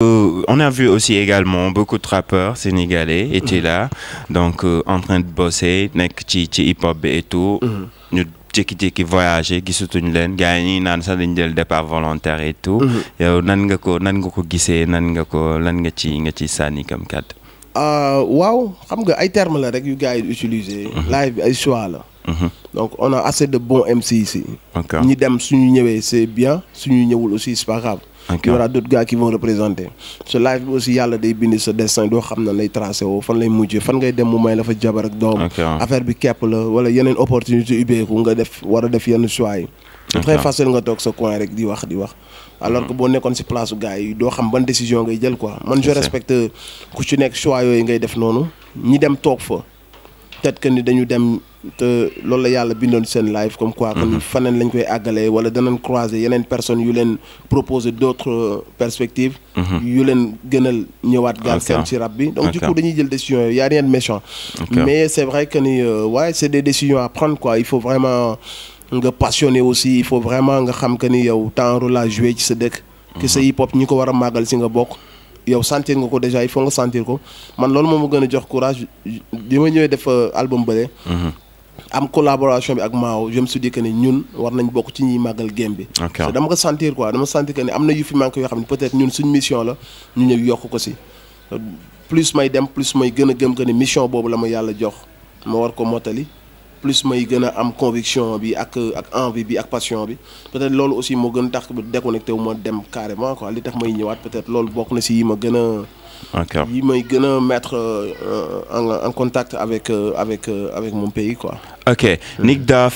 Euh, on a vu aussi également beaucoup de rappeurs sénégalais étaient mm-hmm. là donc euh, en train de bosser nek ci ci hip hop et tout. Mm-hmm. ñu jékki-jékki voyager gisatuñ leen len, gaay ñi naan sa dañ jël départ volontaire et tout. Mm-hmm. yow nan nga ko nan nga ko gisee nan nga ko lan nga ci nga ci sànni kam kat. Euh, waaw xam nga ay termes la rek yu gaay utiliser. live ay choix la. donc on a assez de bons MC ici. ñi dem suñu ñëwé c'est bien suñu ñëwul aussi c'est pas grave. il y aura d'autres gars qui vont représenter su live bi aussi yàlla day bind sa destin doo xam na lay tracé woo fan lay mujj fan ngay dem mu may la fa jabar ak doom affaire bi kepp la wala yeneen opportunité ubbeeku nga def war a def yenn choix yi très facile nga toog sa coin rek di wax di wax alors que mm-hmm. boo nekkoon si place gars yi doo xam ban décision ngay jël quoi man je respecte ku ci nekk choix yooyu ngay def noonu ñi dem toog fa peut-être ni dañu dem de loolu la yàlla bindoon seen live comme quoi kon mhm. faneen lañ koy àggalee wala danañ croiser yeneen personnes yu leen proposer d'autres euh, perspectives mhm. yu leen gënal ñëwaat gaal seen ci rab donc du coup dañuy jël décision yooyu y a rien de méchant mais c'est vrai que ni euh, ouais c'est des décisions à prendre quoi il faut vraiment nga passionné aussi il faut vraiment nga xam que ni yow temps rôle à jouer ci ce dëkk que mhm. sa hip hop ñi ko war a si nga bokk yow sentir nga ko déjà il faut nga sentir ko man lolou moom gëna jox courage bi ma def euh, album bële am collaboration bi ak Maaw je me suis dit que ñun war nañ bokk ci ñuy màggal game bi. ok dama ko sentir quoi dama sentir que ni am na yu fi manqué yoo xam ne peut-être ñun suñ mission la ñu ñëw yokk ko si. plus may dem plus may gën a gëm ko ne mission boobu la ma yàlla jox ma war ko mottali. plus moi gën a am conviction bi ak ak envie bi ak passion bi peut-être lolu aussi mo gën tax déconnecté wu ma dem carrément quoi li tax may ñëwaat peut-être lolu bokku na ci yi ma gën a. yi may gën mettre euh, en en contact avec euh, avec euh, avec mon pays quoi. ok Nick Daff